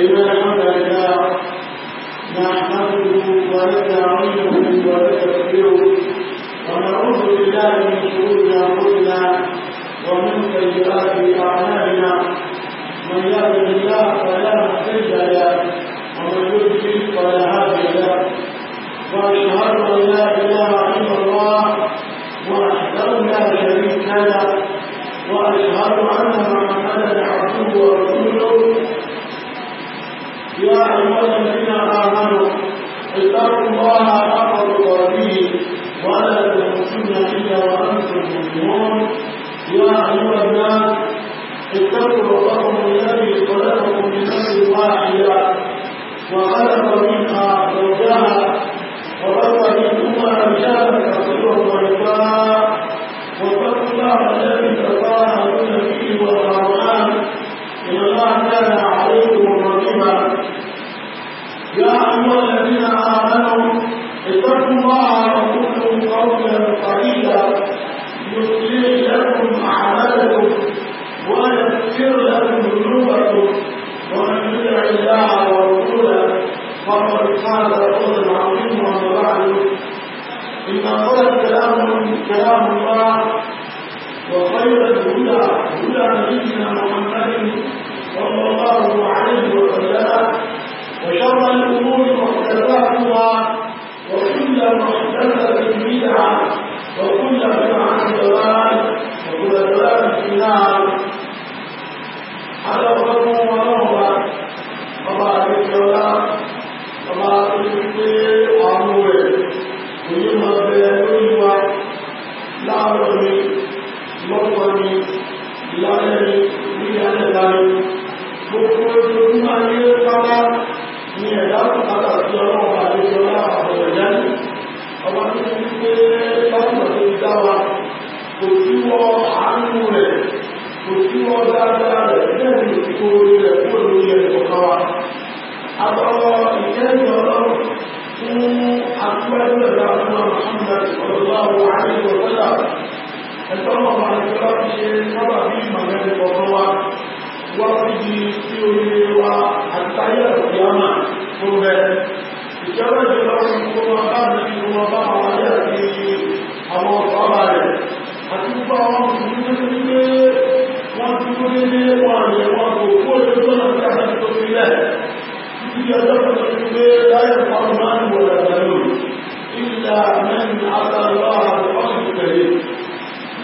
إن الحمد لله نحمده ومن سيئات الله فلا مضل له ومن يضلل فلا ni mọ́kọ́ ni ìlànà ni ìlànà ni gbogbo ojúmọ́ ní pátá ní ẹ̀dá pátá sí ọlọ́run àdéjọlá àwọn ọ̀yá ní ọmọ tó ti pé lọ́nà tó dá wa kò sí wọ́ àánú rẹ̀ kò sí wọ́ dáadáa rẹ̀ bẹ́ẹ̀ ni kò rí rẹ̀ kó lórí ẹ̀ kọ̀ọ̀kan wa. àtọ̀rọ̀ ìkẹ́yìn ọlọ́run fún akúrẹ́lẹ́dà fún àmàlùmọ́ ẹ̀tọ́nà ọmọ àjọlá fi ṣe sábà bí ìmọ̀lẹ́lẹ́ kọ̀ọ̀kan wa wá fi di sí oríire wa àtàyè ìyámà tó bẹ ìjọba ìjọba fi kó wọn bá mi kí wọn bá wọn wáyé àti àwọn ọ̀tọ́ba rẹ̀ àti gbogbo àwọn mùsùlùmí tó ti ti kó nílé wọn rẹ̀ wọn kò kó lè tó náà sí àti tó fi lẹ̀ títí ọjọ́ kan ti gbé láyé ọmọ máa ń wọ̀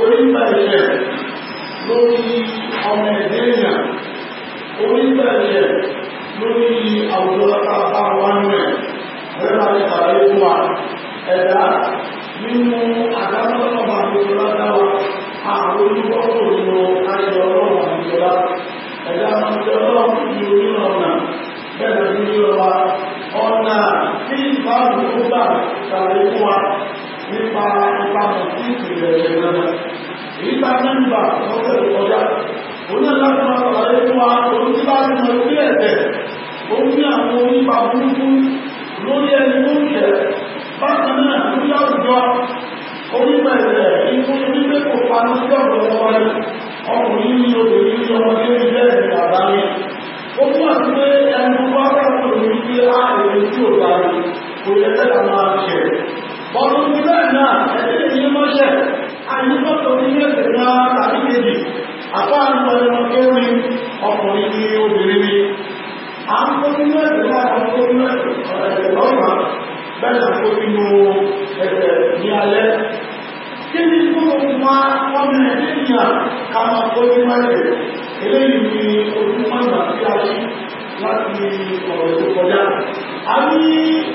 onígbàjẹ́ lórí ọmọ ẹ̀dẹ́ èèyàn onígbàjẹ́ lórí àwùjọ lápapá wọn rẹ̀ rẹ́bà ní tàbí wa ẹ̀dá nínú àdámọ́lọ́mọ́ àwùjọ ládáwà àwọn olúgbọ́kùn nínú ayọ̀ ọlọ́run àwùjọ lá ẹ̀dá àwùjọ ọlọ́run ní onírọ̀ ọ̀nà bẹ́ẹ̀ ni ọ̀nà tí ìbáàbò ó gbà tàbí wa nípa ìpamọ̀ sí ìpìlẹ̀ rẹ̀ Èyí ta mẹ́mbà lọ́sẹ̀ ìkọjá. Ó láti máa sọ̀rọ̀ fún wa lórí bá ti mọ sí ẹ̀sẹ̀. Ó ní àwọn onípa burúkú lórí ẹni tó ń jẹ. Bákan náà lórí àwùjọ onípa ikú wípé kò pa ní sọ̀rọ̀ ọmọ rẹ̀. Ọkùnrin ní obìnrin ní ọmọdé ní bẹ́ẹ̀ ní àbáyé. Ó mú àti pé ẹnu wá bá kò ní bí á tí ò bá Kò yẹ bọ̀rọ̀ ní bẹ́ẹ̀ náà ẹ̀sẹ̀ ní mọ́ṣẹ̀ àyíkọ́tò ní ẹ̀sẹ̀ náà tàbí kejì àpáàlùmọ̀ ẹ̀rọ kéwì ọkùnrin ní obìnrin ni a ń kó nínú ẹ̀sẹ̀ náà kan tó nínú ẹ̀sẹ̀ lọ́nà bẹ́ẹ̀ náà kó nínú ẹ̀sẹ̀ ní alẹ́ kí ni kó wá ọmọ ẹ̀sẹ̀ níyà ká máa kó nínú ẹ̀sẹ̀ eléyìí ni ojúmọ́ ìgbà tí a ṣí láti ọ̀rọ̀ tó kọjá a ní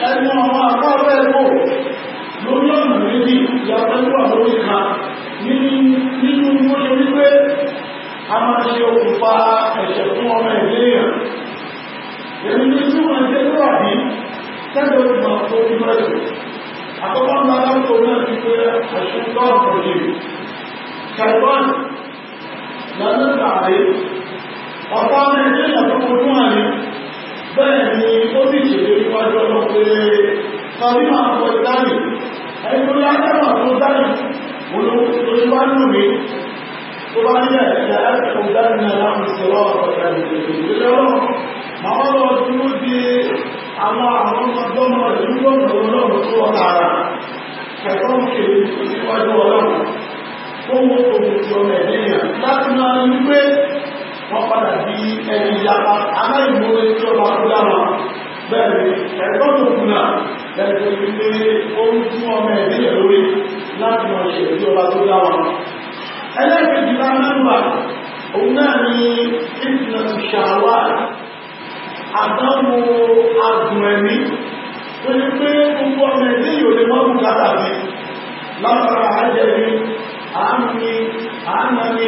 ẹnu àwọn àpá ọ̀rẹ́ lórí ọ̀nà méjì ìyàtọ̀lúwà lórí kan nínú mú ṣe wípé a máa ṣe okùnfà ẹ̀ṣẹ̀ fún ọmọ ìléyàn èmi ní tí wọ́n jẹ́ lọ́wà bí tẹ́lẹ̀ ògbà tó ní mẹ́jọ àkọ́kọ́ ńlá lápò náà ti pé ẹ̀ṣẹ̀ tọ́ọ̀pù taiwan lọ́dún tààrí ọ̀pá ọmọ ìléyàn tó kọjú àní bẹ́ẹ̀ ni ó sì ṣèlérí wájú ọmọ pé sọ̀rọ̀ àwọn ìdáàmì ẹgbẹ́ látẹ́wọ̀n tó dáàmì olùwánú mi tó bá ní ẹ̀ṣẹ̀ ẹ̀ṣẹ̀ dáàmì aláàmì sọ̀rọ̀ ọ̀pọ̀lọpọ̀ ìgbẹ̀lẹ́wọ̀n máa lọ tí ó di àwọn àwọn ọmọdọ́mọ ìlú ọ̀nà tó ọ̀tara kẹ̀kọ́ kèrè síwájú ọlọ́run ó mú òun ti ọmọ ẹ̀dẹ́yàn láti máa ń wípé wọ́n padà di ẹni ìyapa aláìmọ́ ẹjọ́ ọmọ ọdún dáwọn lẹ́gbẹ̀ẹ́ ilé orí tí wọ́n mẹ́rin ní lórí láti mọ̀ ṣe tí ọba tó dá wa. ẹlẹ́gbẹ̀ẹ́ ìlà mẹ́wà òun náà ni ìtìlẹ̀ ti ṣàwà àdánwò agùn ẹ̀mí tó ní pé gbogbo ọmọ ẹ̀dẹ́ yóò lè mọ́ bùkátà mi látara àjẹmí àmì àánami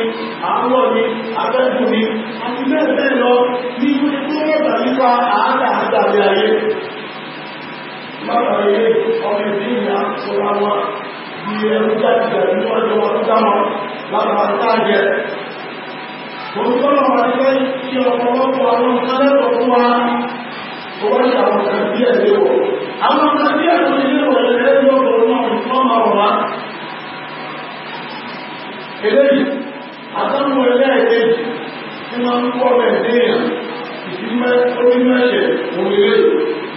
àánlọ́ni abẹ́gùnmi àti bẹ́ẹ̀ bẹ́ẹ̀ lọ ní ìwé tó rẹ̀ nípa àádà àdàbí ayé látàrí ilé ọmọ ìdí ìyá sọ̀rọ̀ àwọn bí ẹrú jáde ní ọjọ́ wọn tó dámọ̀ látàrí táàjẹ́ olùkọ́nà wà ní fẹ́ kí ọ̀pọ̀lọpọ̀ àwọn ìkálẹ́kọ̀ọ́ fún wa tó wá ní àwọn kan bí ẹ̀ léwọ̀ àwọn kan bí ẹ̀kọ́ ilé wọ̀ lẹ́lẹ́ ní ọ̀pọ̀lọpọ̀ náà ní fún ọmọ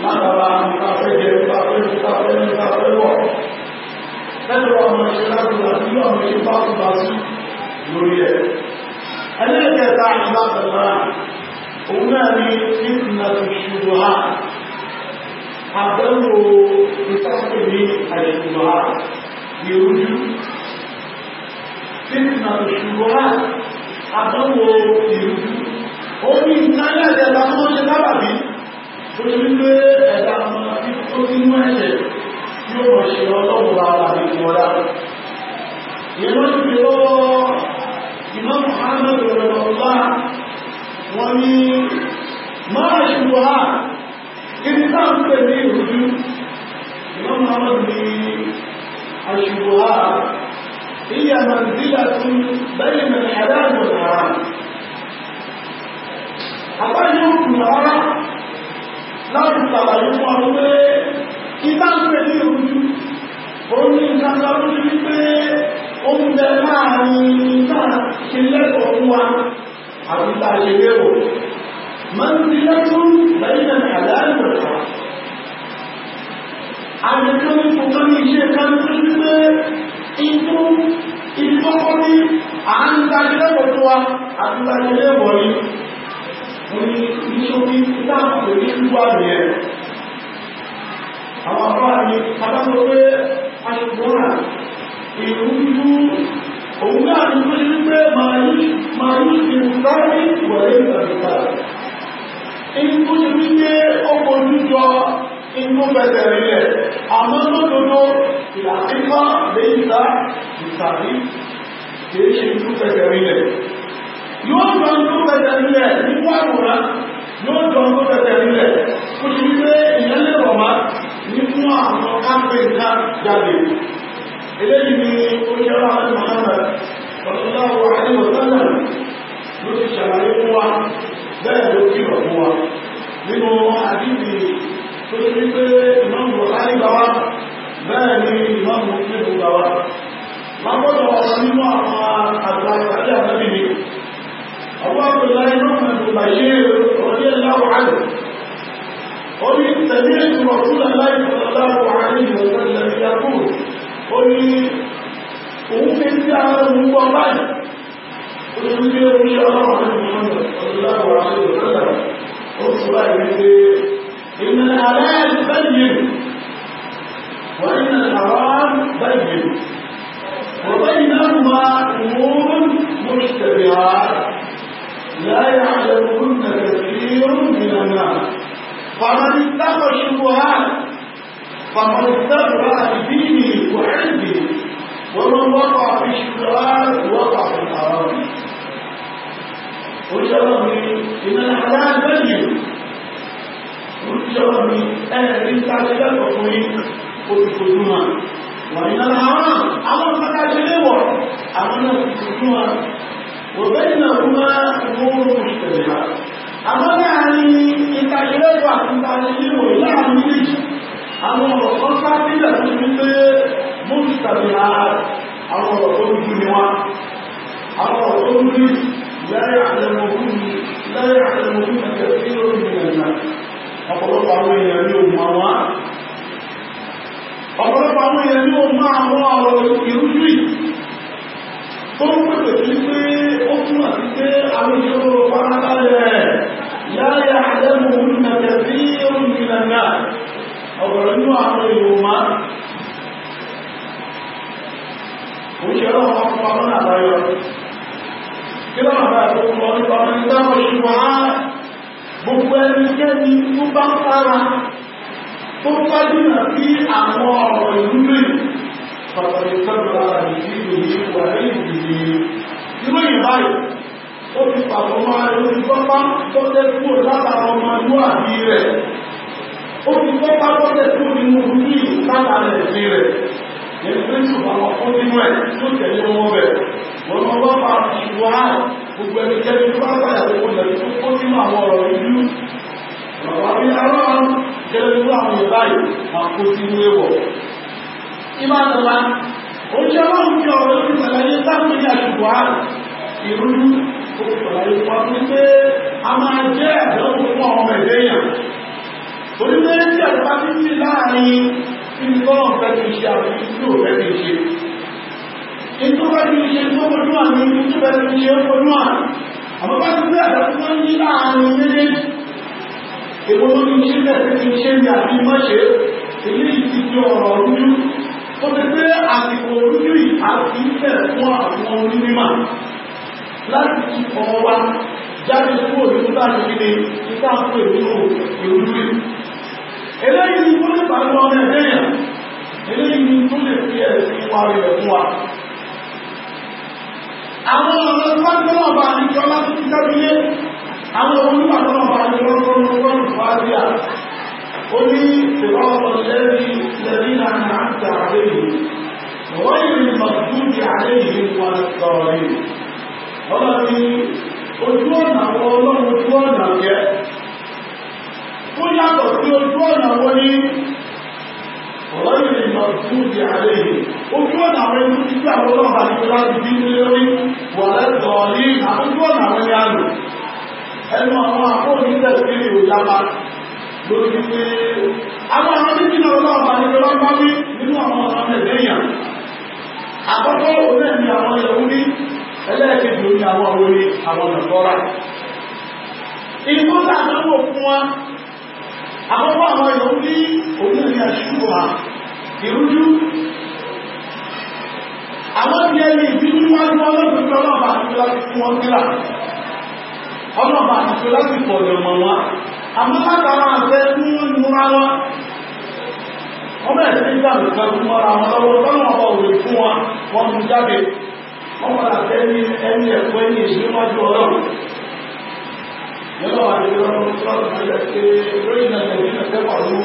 látara nípa péjẹ nípa pé nípa pé nípa pé wọ̀ ẹlò ọmọ ṣe lágbàlá tí ọmọ ṣe bá tó bá sí lórí ẹ̀ ẹlẹ́ẹ̀kẹta látara òun náà ní ìpìnlẹ̀ ìṣòro ha àbẹ̀wò ìtàkùn ní àyẹ̀kùnlọ ha ní ojú fitna ṣùgbọ́n àtọ́wò ìrújú ó ní ìtàlẹ̀ àti ẹ̀ta tó ṣe lábàbí torí wípé ẹ̀dá ọmọ tó ti mú ẹ̀jẹ̀ yóò mọ̀ ṣe ọlọ́run bá ara mi mọ́ dá. ìlú ti lọ́wọ́ ìmọ̀ Muhammad rọ̀lọ́lá wọ́n ní máa ṣùgbọ́ ha ibi tá ń pè ní ìrújú ìmọ̀ Muhammad ní aṣùgbọ́ ha iya manzila láti ṣàlàyé fún ọ pé ìtàgbé ní ojú ó ní ìdájọ́ orí wípé ó ń bẹ láàrin ìta ìlẹ́kọ̀ọ́ fún wa àti ìta ìlérò máa ń fi lẹ́tún lẹ́yìn àdáyé rẹ̀ àjẹ́kọ́ ní fòkán ní iṣẹ́ kan tó ní pé inú ìfọ́kọ́ ní à ń dájẹ́lẹ́kọ̀ọ́ fún wa àti ìta ìlérò yìí mo ní nítorí táàpù ní wíwá rẹ̀ àwọn afárá ni adájọ́ pé aṣùgbọ́nà ìlú dúdú òun náà ni pé wípé máa yí máa yí ìrùkárí ìwọ̀lẹ́ ìgbàlùkà inú tó ṣe wípé ọkọ̀ ojújọ inú bẹ̀rẹ̀ rẹ̀ àmọ́ lọ́dọ̀dọ̀ ìlàkíkọ́ lè ìta ìtàrí kìí ṣe inú bẹ̀rẹ̀ rẹ̀ yóò jọ ń tó bẹ̀rẹ̀ nílẹ̀ nípa àwòrán yóò jọ ń tó bẹ̀rẹ̀ nílẹ̀ kò sí wípé ìyẹ́lẹ̀ rọ̀má nínú àwọn kápẹ́ǹkà jáde eléyìí ni ó jẹ́ wà ní Muhammad ọ̀sọ̀láwọ̀ àdéhùsánà ló ti ṣàlàyé fún wa bẹ́ẹ̀ ló kí rọ̀ fún wa nínú àdíjì tó ti wípé ìmọ̀mù àrígbàwá bẹ́ẹ̀ ni ìmọ̀mù Máa gbọ́dọ̀ nínú àwọn àgbà ìpàdé àtẹ́bí عمر الله بن بشير رضي الله عنه قل سمعت رسول الله صلى الله عليه وسلم يقول قل أوفيت على المبارك قل رضي الله رب محمد صلى الله عليه وسلم قلت إن الحلال بين وإن الحرام بين وبينهما أمور مشتبهات لا يعلمهن كثير من الناس فمن اتقى الشبهات فمن اتبع بدينه وعلمه ومن وقع في الشبهات وقع في الحرام قلت ربي ان الحلال بين قلت ربي انا بنت على باب قلت قدوما وان الحرام امر فتاه ليوه امر فتاه وبينهما امور مشتبهات àmọ́ láàrin ìtàkìlẹ́gbà àti ìtàkìlẹ́gbà láàrin méjì àwọn ọ̀rọ̀ kan sábílẹ̀ tó ti pé mọ́tò tàbí àwọn ọ̀rọ̀ tó ń bí wọn àwọn ọ̀rọ̀ tó ọ̀pọ̀lọpọ̀ àwọn èèyàn ní òun àwọn ọ̀pọ̀lọpọ̀ àwọn èèyàn ní tó ń pèpè sí pé الشرور فعلا لا يعلمهن كثير من الناس ọ̀rọ̀ inú àwọn ìrùmá òṣèrè ọmọ fún ọmọ àbáyọ kí lọ́nà bá tó mọ́ nípa ọmọ ìta òṣìwò á gbogbo ẹni jẹ́ni tó bá sára tó bá dínà sí àwọn ọ̀rọ̀ ìlúlé pàtàkì tọ́jú ara ìdí ìlú ìwà ìdíje irú ìbáyìí ó fi pàtó máa lórí pápá tó tẹ́ kúrò látara ọmọ inú àbí rẹ̀ ó fi pápá tó tẹ́ kúrò nínú orí látara ẹ̀sìn rẹ̀ yẹn tó ń ṣùgbọ́n àwọn fún nínú ẹ̀ tó tẹ̀lé wọn bẹ̀ wọn lọ bá bá fi wá gbogbo ẹnikẹ́ni tó bá gbàyàwó wọn lẹ̀ tó kó nínú àwọn ọ̀rọ̀ ìlú bàbá mi ará jẹ́rẹ́ nínú àwọn ìbáyìí àkótí ní ewọ̀ ìbátanlá ó jẹ́ láwùjọ ọ̀rọ̀ ìṣẹ̀lẹ̀ ní sáfìlì àṣùgbọ́n ìrújú wípé a máa jẹ́ ẹ̀dọ́rùn fún ọmọ ẹ̀lẹ́yàn torí pé tí ẹ̀dọ́bá ti ti láàrin tí lọ́rùn fẹ́ ti ṣe àti tí ò fẹ́ ti ṣe ètò bá ti ṣe tó fojú àmì tó fẹ́ ti ṣe fojú àmì àmọ́ bá ti pé ẹ̀dọ́rùn fún ní láàrin méjèèjì èwo ló ti ṣe bẹ́ẹ̀ ti ṣe ní àbí mọ́ṣe èyí ti di ọ̀rọ̀ rújú ó ti pé àsìkò rújú yìí àti ìfẹ́ fún àwọn onímọ̀ láti fi ọmọ wa jáde kúrò nínú bá ti fi lè títà fún ìrúnú ìrúnú eléyìí ni tó lè pàdé ọmọ ẹ̀dẹ́yàn eléyìí ni tó lè fi ẹ̀sìn wa rẹ̀ fún wa àwọn ọ̀nà pátọ́nà bá ní kí ọlá ti dábílé àwọn onípàtọ́nà bá ní ọlọ́run fàájá ó ní ìrọ́pọ̀ lẹ́rí lẹ́rí àmì àti àrẹ́yìn wọ́n yìí mọ̀tún di àrẹ́yìn wọn sọ̀rọ̀ yìí ọlọ́run ní ojú ọ̀nà àwọn ọlọ́run ojú ọ̀nà jẹ́ ó yàtọ̀ sí ojú ọ̀nà wọn ní ọlọ́run ìmọ̀ tún di àlẹ́ yìí ojú ọ̀nà àwọn ẹni tí tí àwọn ọlọ́run àti láti bí ní lórí wà lẹ́tọ̀ọ́ ní àkójú ọ̀nà àwọn ẹni àlò ẹnu àwọn akóòní tẹ̀sí ìlú yàrá lórí pé àwọn àwọn tí tí àwọn ọlọ́run àti láti bí nínú àwọn ọmọ ẹ̀dẹ́yàn àkọ́kọ́ òun náà ni àwọn ẹ̀wú ní ẹlẹ́ẹ̀kejì ní àwọn orí àwọn nàkọ́rà ìgbó sàdánwò fún wa àkọ́kọ́ àwọn ìlú ní òun ní àṣùkò à ìrújú àwọn ti ẹni ìbínú níwájú ọlọ́gbẹ̀gbẹ̀ àti láti fún wọn sílà ọlọ́ọ̀bà àti láti àmọ́ látara àfẹ́ fún ọmọ ẹ̀sìn ìgbà fún عمر ثاني قال كويس يقعد وراه يرى على الصرف الذين الذين كفروا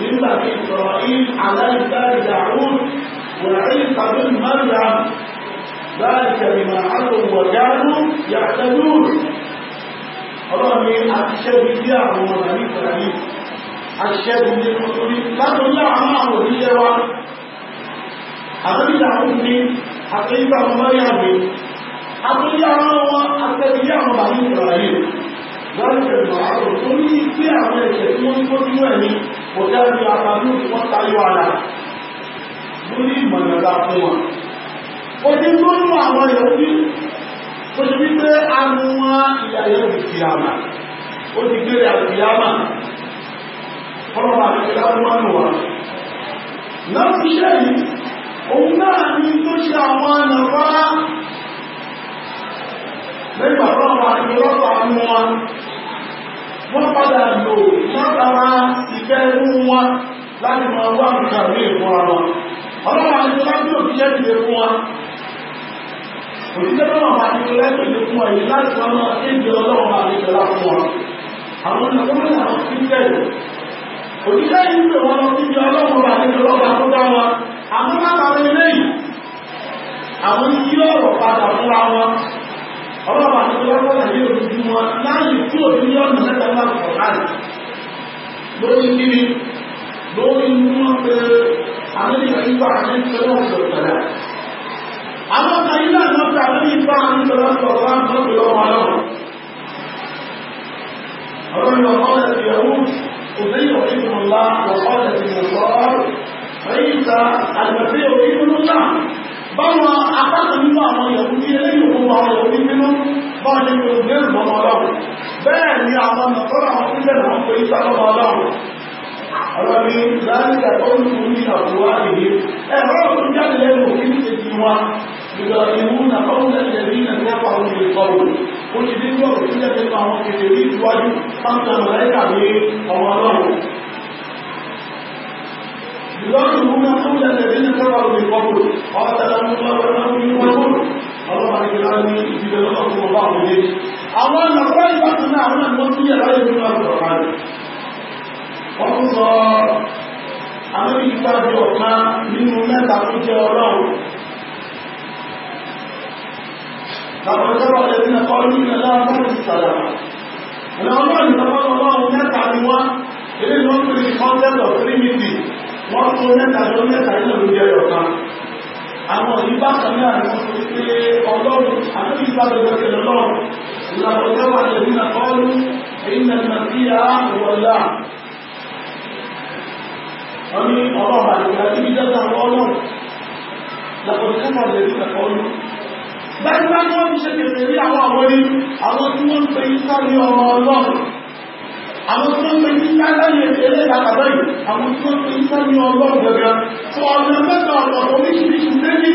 مما في اسرائيل على بال داعون وعيسى بن مريم ذلك بما عصوا وكانوا يعتدون ọlọ́run ní aṣẹ́gun bí àwọn ọmọ من yìí لا nínú orí látòrí àwọn àtẹ́bíyà àwọn ní àtẹ́bíyà àwọn mọ́ríàmì àtẹ́bíyà àwọn ọmọ àtẹ́bíyà àwọn bàbí ìrọ̀lẹ́ wọ́n lè bẹ̀rẹ̀ àwọn tó ní pé àwọn ẹ̀ṣẹ̀ tí wọ́n kó nínú ẹ̀mí kò dájú àtàlù tí wọ́n tayọ ara lórí ìmọ̀nàdá fún wọn. ó ti tó nú àwọn ìyọ̀kú tó ti wípé anú wọn ìyá yóò fi fi àmà ó ti gbére àti àmà ọlọ́pàá àti ìlànà wọn nù wọn. náà òun náà ní tó ṣe àwọn ànàbá nígbà náà wà ní ọ̀pọ̀ àwọn wọn wọ́n padà lò látara ìkẹrù wọn láti máa wá nǹkan ní ìfún ara wọn ọlọ́wọ́ àti láti òṣìṣẹ́ ìdè fún wa òṣìṣẹ́ náà wà ní lẹ́tọ̀ ìdè fún wa yìí láti wọn náà kéde ọlọ́wọ́ àti ìjọba fún wa àwọn ìlànà àwọn ti ń tẹ̀lé òṣìṣẹ́ yìí pè wọn lọ sí ibi ọlọ́wọ́ àti ìjọba tó dá wọn àwọn látàrí lẹ́yìn àwọn tí ọ̀rọ̀ padà fúnra wọn ọlọ́pàá tó lọ́pọ̀ àyè òjú wọn láàyè tí ò ní ọ̀nà mẹ́ta láti pọ̀ láàyè lórí kíni lórí inú pé amẹ́ríkà nípa àmẹ́ríkà ọ̀sẹ̀ ọ̀sẹ̀ àwọn ọ̀sẹ̀ ilé àwọn ọ̀sẹ̀ amẹ́ríkà àmẹ́ríkà ọ̀sẹ̀ ọ̀sẹ̀ ọ̀sẹ̀ ọ̀sẹ̀ ọ̀sẹ̀ الرجل قالت اليهود أزيد الله وقالت النصارى fẹ́yìntà àgbẹ̀fẹ́ òní nínú náà báwọn apáta nínú àwọn ìyàwó ní eléyìí òun àwọn ìyàwó ní nínú báwọn ní ìlú ní ìlú ọmọ ọlọ́run bẹ́ẹ̀ ni àwọn nàkọ́rọ̀ àwọn tó bẹ̀rẹ̀ wọn pé ìta ọmọ ọlọ́run ọ̀rọ̀ ni láríkà tó ń fún ní àbúrò àgbègbè ẹ̀rọ òun jáde lẹ́nu يراجعون قول الذين كفروا من قبل قاتلهم الله والمؤمنين والكفر الله عليك العالمين في جلالته الله اليه àwọn ọ̀pọ̀ ìbátan náà àwọn àwọn tí yàrá yìí nínú àwọn ọ̀pá rẹ̀ wọ́n mẹ́ta tó jẹ ọlọ́run láwọn ìjọba ẹ̀dí na kọ́ ní wọ́n tún mẹ́ta lọ mẹ́ta nínú ìlú ẹ̀rọ kan àwọn ìbá kan náà ni wọ́n tún pé ọlọ́run àti ìbá gbogbo ẹ̀rọ náà ìlàkọ̀ọ́jọ́ wà lẹ́yìn náà kọ́ọ́lù èyí náà máa fi yá wọlá wọ́n ní ọlọ́run àdìgbà tí bí dẹ́ta ọlọ́run làkọ̀ọ́jọ́ wà lẹ́yìn náà kọ́ọ́lù báyìí bá ní wọ́n ti ṣe kẹfẹ́ rí àwọn àwọn orí àwọn tí wọ́n ń pe iṣẹ́ ní ọmọ ọlọ́run àwọn tí wọ́n pè ní sáyẹ̀ ẹlẹ́dàkàbá yìí àwọn tí wọ́n pè ní sáyẹ̀ ọlọ́run gẹ́gẹ́ tó ọ̀nà mẹ́ta ọ̀pọ̀ oríṣiríṣi méjì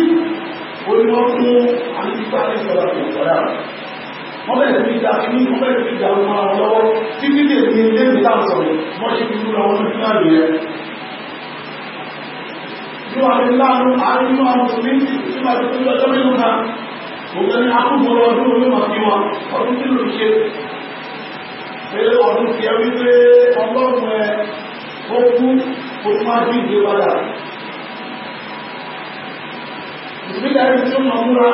olùwọ́n fún àmìsíkà ẹ̀sọ̀rọ̀ ìṣọ̀rọ̀ wọ́n bẹ̀rẹ̀ sí ìjà ní wọ́n bẹ̀rẹ̀ sí ìjà ọmọ àwọn lọ́wọ́ tí nílé ní ilé ìgbà sọ̀rọ̀ wọ́n ṣe fi múra wọn nígbà rẹ̀ yóò àti láàánú àrínú àwọn sùmíntì tí máa ti tó lọ́jọ́ mẹ́nu náà òun ni akúgbọ́rọ̀ ọdún olóòmọ̀ sí wọn ọdún pé ọdún fi ẹ wípé ọlọ́run ẹ ó kú ó má bí ìgbé padà ìpínlẹ̀ rí tí ó mọ̀ múra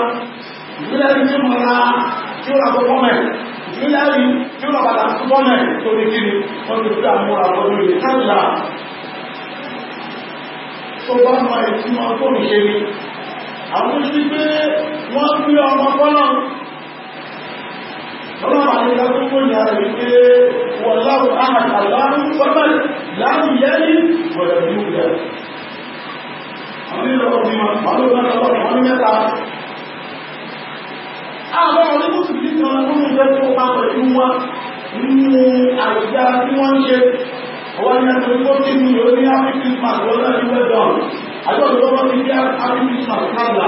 ìpínlẹ̀ rí tí ó mọ̀ ra tí ó rà gbogbo mẹ́ ìpínlẹ̀ rí tí ó rà padà gbogbo mẹ́ tó ní kíni wọ́n ń gbé ọmọ fọ́lọ́run ọlọ́run àríwá tó kó ìyá rẹ̀ pé wọ́n láwọ́ àmàkà láàrín sọ́mọ̀lì láàrín yẹ́lì wọ̀lẹ̀ ní ìyá àwọn ìlọ́wọ́ bí wọn pàdé lọ́wọ́ wọn mẹ́ta àwọn onímọ̀sí bí kan tó ń jẹ́ tó pa pẹ̀lú wọn nínú àìjá tí wọ́n ń ṣe ọwọ́ ní ẹgbẹ́ tó ti mú yóò ní áfíríkì smart lọ́dọ̀ ìwẹ́dọ̀n àjọ́ ìlọ́wọ́ ti jẹ́ áfíríkì smart kádà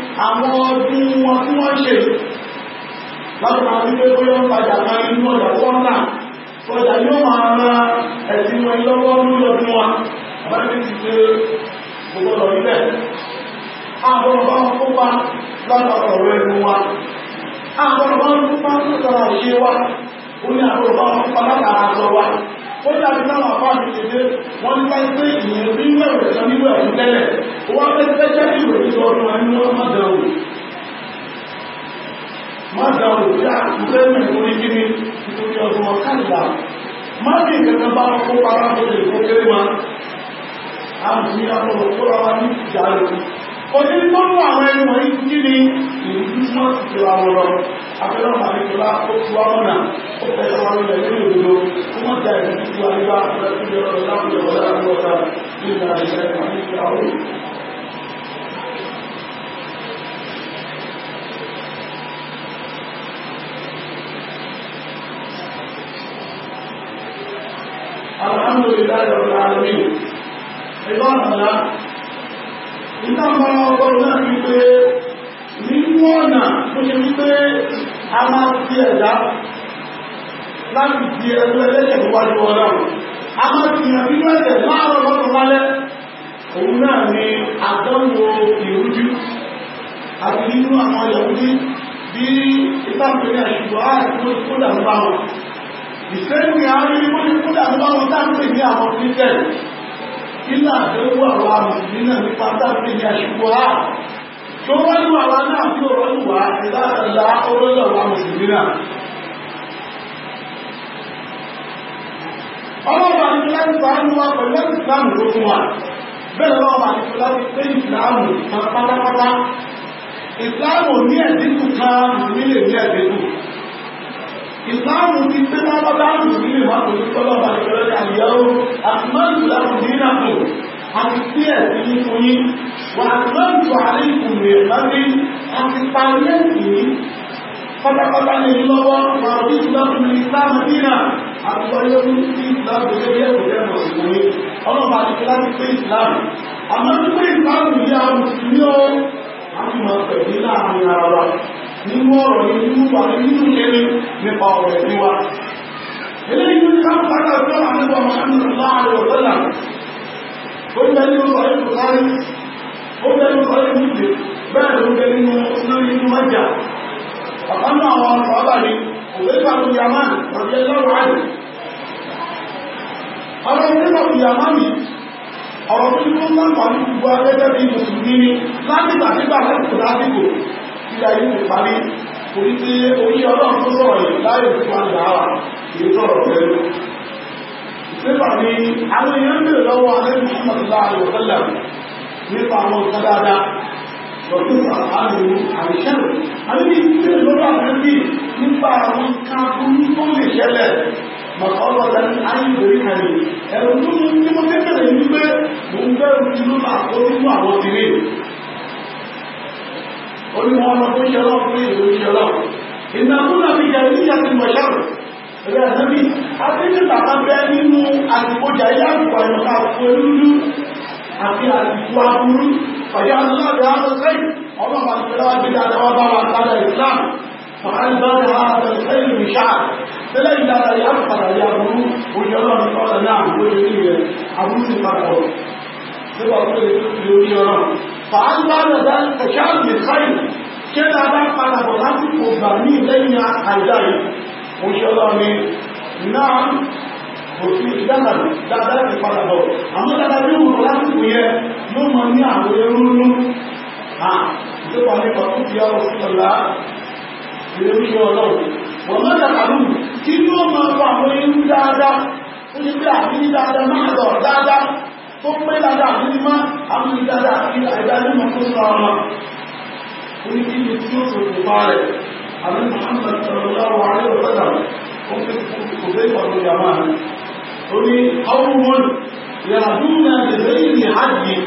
àwọn ọdún wọn tí wọ́n ṣe láti máa wípé bóyá ń padà máa ń inú ọjà na ọjà yóò máa ra ẹ̀sìn wọn lọ́wọ́ ọdún wa wọ́n ti ṣe gbogbo ọ̀rọ̀ ilẹ̀ àwọn ń kópa látàkọ̀ ọ̀rọ̀ ẹnu wa ń kópa látàkọ̀ wa ó ní ń kópa látàkọ̀ wa ó dàbí táwọn àbáàmì ṣe wọ́n ní báyìí pé ìyẹn bí wẹ̀rẹ̀ kan ní wẹ̀rẹ̀ tẹ́lẹ̀ ó wá fẹ́ fẹ́ jẹ́ ìwé ìjọ ọdún ẹni wọ́n má dà wò má dà wò bí àkùnfẹ́ mẹ́rin orí kí ni nítorí ọdún ọ̀kàlà má bí ìkẹ́kẹ́ bá wọn kó para tó lè kó kéré wa àti àwọn òkúra wa ní ìjà rẹ̀ òní tó ń wà àwọn ẹni wọ̀nyí kí ìlú tí wọ́n ti abẹ́rẹ́ ọ̀nà àríkọlá ó tu wá mọ́nà ó tẹ̀lé wọn lọ lẹ́yìn òdodo ó mọ̀ jà ìlú tí wọ́n nígbà lọ́sí ọ̀rọ̀ láwùjọ ọ̀rọ̀ àbúrò ọ̀tá ní ìlànà ìṣẹ̀lẹ̀ àti ìyàwó. alhamdulilayi ọ̀rọ̀ àlùmí ẹgbẹ́ a máa ń fi ẹ̀dá láti fi ẹ̀rọ ẹlẹ́jẹ̀ níwájú ọlọ́run a máa fi hàn nínú ẹ̀jẹ̀ láàárọ̀ lọ́rùn lálẹ́ òun náà ni àdánwò ìrújú àti nínú àwọn ìyàwójú bí ìtàkùnrin àṣùgbọ́ àti kódà ń bá wọn ìfẹ́ni àárín wọ́n kódà ń bá wọn táàpì ní àwọn oníkẹ́ ilé àdánwò àwọn àmì nípa táàpì ní àṣùgbọ́ àti tó rọ́nù àwa náà tí ó rọ́nù wá ìlànà olóyè ọ̀la mùsùlùmí náà. ọlọ́wọ́ àti láti sàánú wa pẹ̀lú láti sàánú ló fún wa bẹ́ẹ̀ lọ́wọ́ àti láti pé ìsìláàmù kan pátápátá ìsìláàmù ní ẹ̀dínkù kan nílé ní ẹ̀dínkù ìsìláàmù ti pé pátápátá àti pẹ̀lú àyẹ̀wò àti mọ́tò láti dín àti pí ẹ̀sìn ní fún yí wà lọ́jọ́ àrí ìkùnrin ìpàdé àti parí ẹ̀sìn yí pátápátá ní lọ́wọ́ wà ní ìlọ́pùn ní sáàmùdínà àti wọlé ní ìlọ́pùn ní ẹ̀kùnrin ọ̀sùnrin ọlọ́pàá àti kí láti pé ìsìláàmù àmọ́ tí pé ìsìláàmù yí àwọn mùsùlùmí ó àti mọ̀ pẹ̀lú láàrin ara wa nínú ọ̀rọ̀ yìí nínú ó jẹ́ nínú ọ̀rẹ́ bukari ó jẹ́ nínú ọ̀rẹ́ níbi bẹ́ẹ̀ ló jẹ́ nínú lórí inú mọ́jà ọ̀kan náà àwọn ọmọ ọba ni òwe pàtó yamán tàbí ẹlọ́rọ̀ àdì ọ̀rọ̀ òwe pàtó yamán ni ọ̀rọ̀ tó kó ń lápá ní gbogbo abẹ́jẹ́ bí mùsùlùmí ni láti gbàgbà lásìkò lásìkò ilé pẹ̀lú nípa ní àwọn èèyàn ń bèèrè lọ́wọ́ alẹ́bí sọ́lá àlùfẹ́lẹ̀ nípa àwọn nǹkan dáadáa lọ́dún àlù àìṣẹ́rù alẹ́bí bèèrè lọ́wọ́ alẹ́bí nípa àwọn nǹkan burú tó lè ṣẹlẹ̀ mọ̀kọ́lọ́ lẹ́nu ayélujára kàní ẹ̀rù tó ń tí mo kékeré ní pé mo ń bẹ̀rù tí ló bá kó nínú àwọn obìnrin ó ní wọn lọ fún ìṣẹ́lọ́ fún ìṣẹ́lọ́ ìgbà tó náà fi jẹ́ níjà ti mọ̀ ṣẹ́rù ẹ̀yà ìsinmi àfíjì bàbá bẹ nínú àtìkójà ilé àgbà ìrọ̀ká olúlú àti àtìkú aburú pàdé aláàbẹ̀ àtọ́sẹ́ ọlọ́pàá ti fẹ́lá gbé dáadáa wá bá wa sára islam fàáyí bá ní àtọ́sẹ́ ìlú ìṣá tẹ́lẹ̀ ìdára ìyá padà ìyá burú oye ọlọ́run kọ́lá náà lóye ní rẹ̀ aburú ti padà bọ̀ nígbà tó lè tó fi orí ọ̀rọ̀ fàáyí bá ní àtọ́sẹ́ ìṣá kí mo ṣe ọlọ́run ní náà kò sí dáadáa dáadáa ti padà bọ̀ àmọ́ dáadáa ní òun lásìkò yẹ ló mọ ní àwọn ẹrú nú ìjọba ní ọkọ̀ tí a wọ́n sí ọ̀la ilé ń ṣe ọlọ́run wọ́n mọ́ dàkàlù kí ló máa fọ àwọn ẹrú dáadáa ó ní pé àbí ní dáadáa máa lọ حضرت محمد صلى الله عليه وسلم ممكن تكون في خزيفة أو اليمامة تقول لي قوم يهدون بغير عدل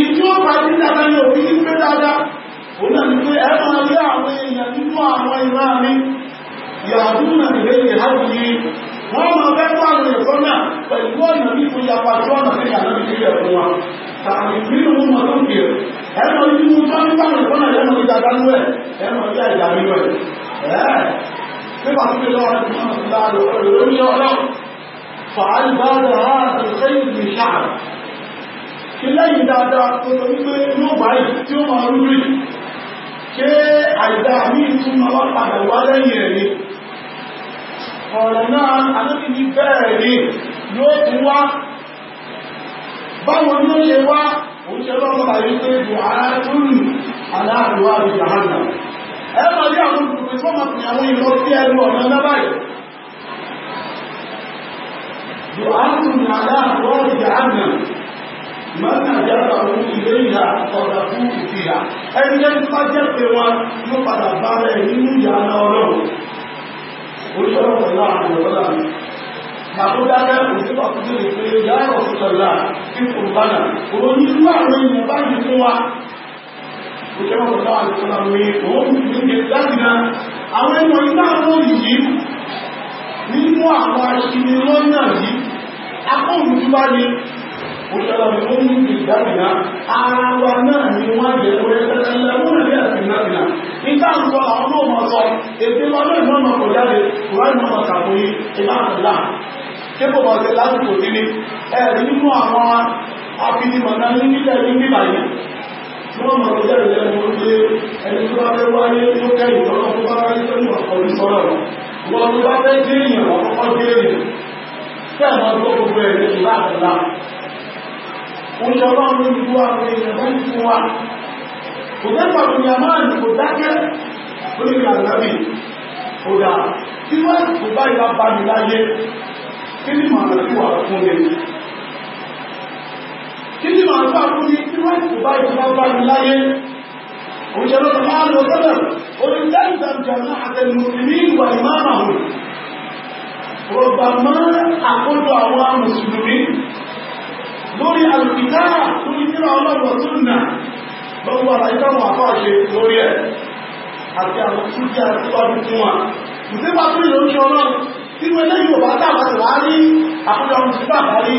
ìtí ó bá ní dàda ní òbí ní pé dáadáa òun náà ní pé ẹ máa rí àwọn èèyàn nínú àwọn ìlú àmì ìyàwó náà nílé ìhàbù yìí wọ́n máa bẹ́ fún àwọn ẹ̀kọ́ náà pẹ̀lú ọ̀nà bí kò yapa tí ọ̀nà nígbà náà ní ilẹ̀ fún wa tàbí nínú mọ́tò ń bèrè ẹ̀rọ ní mú tọ́lú pàdé lọ́nà ẹ̀rọ ní dada nú ẹ̀ ẹ̀rọ ní àyà nínú ẹ̀ ẹ̀ pípa tó fi lọ́wọ́ ní mọ́ láàrín ọ̀rọ̀ lórí ọlọ́ fàájì bá rọ̀ á ti sẹ́yìn ní ṣáà kí lẹ́yìn dáadáa tó náà alóbi bẹ́ẹ̀ ni yóò tún wá báwo ni ó ṣe wá òun ọlọ́run bá yí pé buhari aláàríwá ìjàhánà ẹ̀rọ ní àwọn olùkùnrin tó máa fi àwọn ìlọ sí ẹrù ọ̀nà lábáyé buhari aláàríwá ìjàhánà mọ́nà yára òun ilé ìyá ọ̀dà fún ìfìyà ẹni ẹni bá jẹ́ pé wọn ló padà bá rẹ̀ nínú ìyá ọlọ́run àbúdáná òṣìṣẹ́ ọ̀fíìsì ìpínlẹ̀ yàrá ọ̀fíìsọ̀lá fífò bánà onírú àwọn èèyàn báyìí fún wa òṣèlú ọ̀pọ̀lọpọ̀ àìsànà wé òun ní ìdájìdá àwọn ẹmọ iná àwọn yìí nínú àwọn aṣinilọ́nà yìí akọ́ùnjúwáyé òṣèlú ọ̀pọ̀lọpọ̀ ní ìdájìdá ara wa náà ni wọ́n jẹ́ orí ẹ̀sẹ̀lẹ̀ múlẹ̀ ní àtìnáàtìná nígbà ń sọ àwọn ọmọ sọ èdè lọ́dọ̀ ìmọ̀nà kò jáde kùrọ̀ ìmọ̀nà kàkóyí ìlànà kébò máa ṣe lásìkò sí ni ẹ̀rí nínú àwọn abinimọ̀nà nílẹ̀ nígbà yìí tí wọ́n mọ̀ lọ́jọ́ ìlẹ̀ mú pé ẹni tó bá fẹ́ wáyé ló kẹ́yìn lọ́wọ́ tó bá wáyé tó ní ọ̀pọ̀ orí sọ́rọ̀ wọn tó bá fẹ́ dé èèyàn ọkọ̀ dé èèyàn tẹ́ àwọn tó gbogbo ẹ̀ ní ìlà àtìlá oúnjẹ ọlọ́run ló dúró àwọn èèyàn bá ń fún wa kò dẹ́gbà tó ní àmáàlì kò dákẹ́ lórí àlábì kódà tí wọ́n kò bá ìlà bá mi láyé kí ni màá lọ sí wà fún mi kí ni màá gbà fún mi tí wọ́n ti bá ìjọba bá mi láyé òṣèlú lọ́dọ̀ máa lọ sọ́dọ̀ orí dáìsàn jàmá àtẹnumùsùlùmí ìwà ìmáàmà hù rọ̀gbà máa àkójọ àwọn mùsùlùmí lórí àlùkìtà lórí tíra ọlọ́gbọ̀ súnnà lọ́wọ́ àfáàṣe lórí ẹ̀ àti àwọn súnjẹ́ àti wájú fún wa ìsẹ́pàá tó ìlú ń ṣe ọlọ́run nínú eléyìí ò bá dáàbà sí wá rí àkójọ ohun tí bá bá rí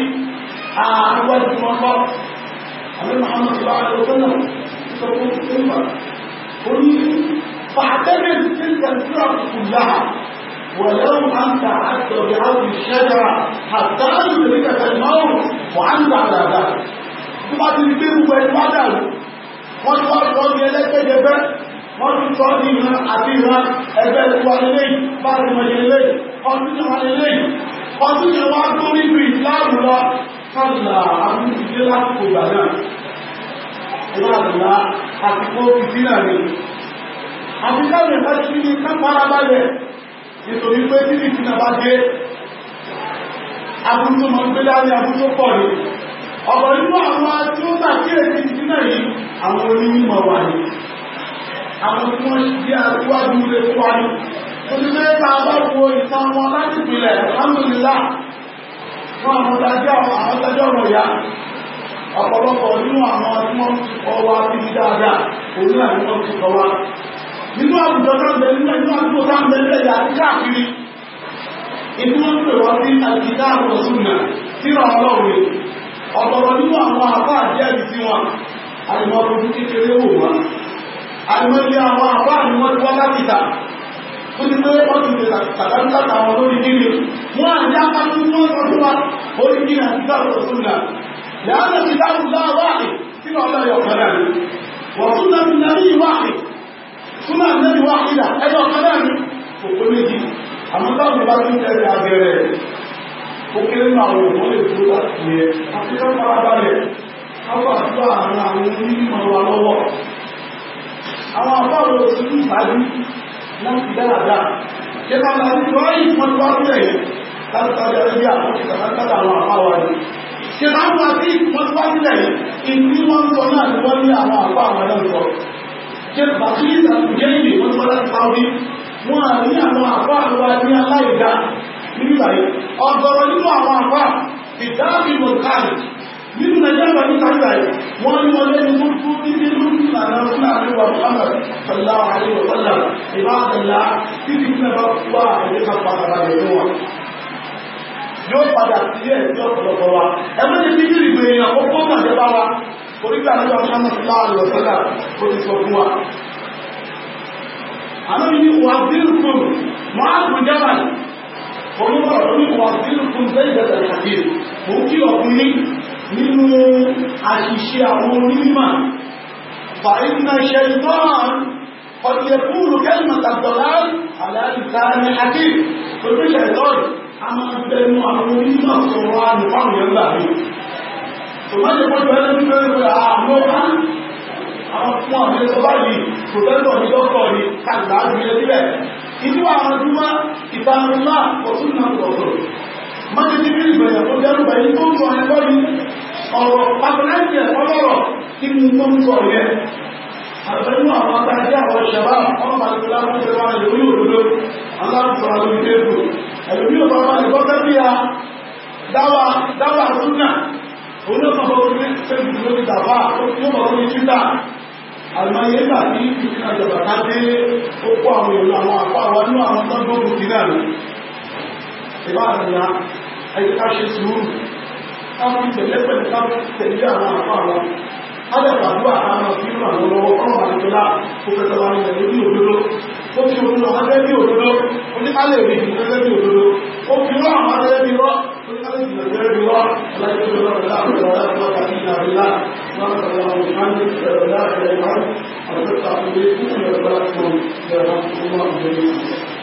àwọn ẹni tí wọ́n kọ́ àwọn Muhammad bá rẹ̀ ó tọ́nà tó kó tó ń bà ó ní fàtẹ́lẹ̀ tí ń tẹ̀síra kù láà ولو أنت عدت بعض الشجرة حتى يدركك الموت وأنت على ذلك. ثم تريد أن تقول ماذا؟ قد قد قد wọ́n ti tọ́ ní ìran àti ìran ẹgbẹ́ ìwà ilé ìbáraẹ̀mọ̀ ilé ọdún ìwà ilé ọdún ìwà tó nínú ìsìláàmù lọ kọ́nà àwọn ìdílé láti kò gbà náà ẹgbẹ́ àdùnlá àti kó ìdílà rẹ̀ àti káàrẹ̀ bá ti ní kápára balẹ̀ nítorí pé tí ní ìfìnà bá dé abúrúkú mọ̀ ń gbé láàrin abúrúkú pọ̀ ní ọ̀pọ̀ nínú àwọn tí ó tàkí èsì ìdílà yìí àwọn onímọ̀ wà ní àwọn tí wọ́n jẹ́ aṣíwájú lè fún wa ní. onímẹ́ta bá wo ìtàn wọn láti ìpìlẹ̀ alhamdulilá fún àwọn ọ̀dájọ́ àwọn ọ̀dájọ́ ọ̀rọ̀ ìyá ọ̀pọ̀lọpọ̀ nínú àwọn tí wọ́n ọwọ́ abíbi dáadáa òun náà ni wọ́n ti kọ wa. nínú àwùjọ sáńbẹ nínú ẹgbẹ́ àdúgbò sáńbẹ nílẹ̀ yà á káàkiri àìmọ́lé àwọn àfáà ni wọ́n ti wá láti ìta ó ti pé wọ́n ti tẹ̀lá tàbátàtà àwọn lórí nílé wọ́n àti apájú tó ń sọ́tún wa orí ní àtìdá òṣùlá yàrá ti dá òṣùlá wáàdì tí wọ́n lọ yọ kọ́dà ní wọ́n tún náà ti nàbí wáàdì tún náà nàbí wáàdì dà ẹ̀yọ kọ́dà ní òkú méjì àmọ́ táwọn bá tún tẹ̀lé abẹ́rẹ́ ó kéré náà wò wọ́n lè tó láti yẹ àti lọ́pàá abalẹ̀ káwọn àdúrà àwọn onímọ̀ wa lọ́wọ́ àwọn àbáwọ̀ sí ìbàdí láti dáadáa jẹta láti wáyé wọn wá rẹ̀ látàrí àríyá látàrí àwọn àbáwọ̀ rẹ̀ jẹta wá sí wọn wá rẹ̀ ìlú wọn sọ náà ni wọ́n ní àwọn àbáwọ̀ rẹ̀ sọ jẹ bàtí láti jẹ́ ìlú wọn sọ láti sáwí wọn àrí àwọn àbáwọ̀ rẹ̀ ní aláìdá nígbà yìí ọ̀gọ̀rọ̀ nínú àwọn àbá ìdáàbìbò káàdì nínú nàìjíríà nígbà yìí wọ́n ní wọn lẹ́nu tó kú ìlànà fún àríwá Muhammad sallallahu alaihi wa sallam ìbáàdàlá tí kì í mẹ́fà wà àdéhùn kan pàtàkì lọ́wọ́ wọn. yóò padà sí ẹ̀ sí ọ̀pọ̀lọpọ̀ wa ẹgbẹ́ ti bíbí ìgbè èèyàn ó kó màdé bá wa torí pé àríwá Muhammad sallallahu alaihi wa sallam ó ti sọ fún wa. àmọ́ yìí wà bíi fún mọ́àkùn jábàlì òun bọ̀rọ̀ ní wà bíi fún bẹ́ẹ̀ òkè ọ̀kùnrin nínú àṣìṣe àwọn onímọ̀ فإن الشيطان قد يقول كلمة الضلال على لسان حكيم فمن الشيطان أما بين معلومين القرآن فهم يلاه ثم يقول هذا من أعمالها àwọn fún àwọn ẹ̀sọ́ báyìí pòtẹ́tọ̀ ní dọ́kọ̀ ní kàgbà ìrìnlẹ̀ sílẹ̀ inú àwọn ọdúnmá ìbámu náà ọdún náà ọ̀rọ̀ mọ́tí ní bí ìgbẹ̀yàn tó jẹ́rù bẹ̀yìn tó ń sọ ẹ̀kọ́ yìí ọ̀rọ̀ pàtàkì ọlọ́rọ̀ tí mú tó ń sọ yẹ àtẹ́lú àwọn àtàkì àwọn ìṣẹ̀bá ọmọ àti láti wá ìlú òdodo aláàbùsọ̀ àwọn ìdẹ́kù ẹ̀lùmí ọba wà ní bọ́tẹ́ bí a dáwà dáwà súnà olóòmọ̀ orí ṣẹ́jú lórí dàbà yóò mọ̀ orí títà àlùmáyé gbà ní ìpínlẹ̀ ìjọba ká dé ó àwọn èèyàn àwọn àpá àwọn inú àwọn tọ́jú òkú sílẹ̀ rẹ̀ ìbáàdìyà ẹ̀yíká ṣe sùúrù káwọn tẹ̀lé pẹ̀lú káwọn tẹ̀lé àwọn àpá wọn adàgbàdúrà àwọn ìlú àwọn ọlọ́wọ́ ọmọ àdìgbòlá kò fẹ́ tọ́wọ́ ní ẹ̀rọ bí òdodo ó fi òdodo adẹ́ bí òdodo ó ní alẹ́ rí ìgbẹ́gbẹ́ bí òdodo ó fi rọ́ àwọn adẹ́ bí rọ́ ó ní alẹ́ ìgbẹ́gbẹ́ bí rọ́ aláìsíkò lọ́rọ̀ láàrín ọ̀rọ̀ láàrín ọ̀rọ̀ láàrín ọ̀rọ̀ láàrín ọ̀rọ̀ láàrín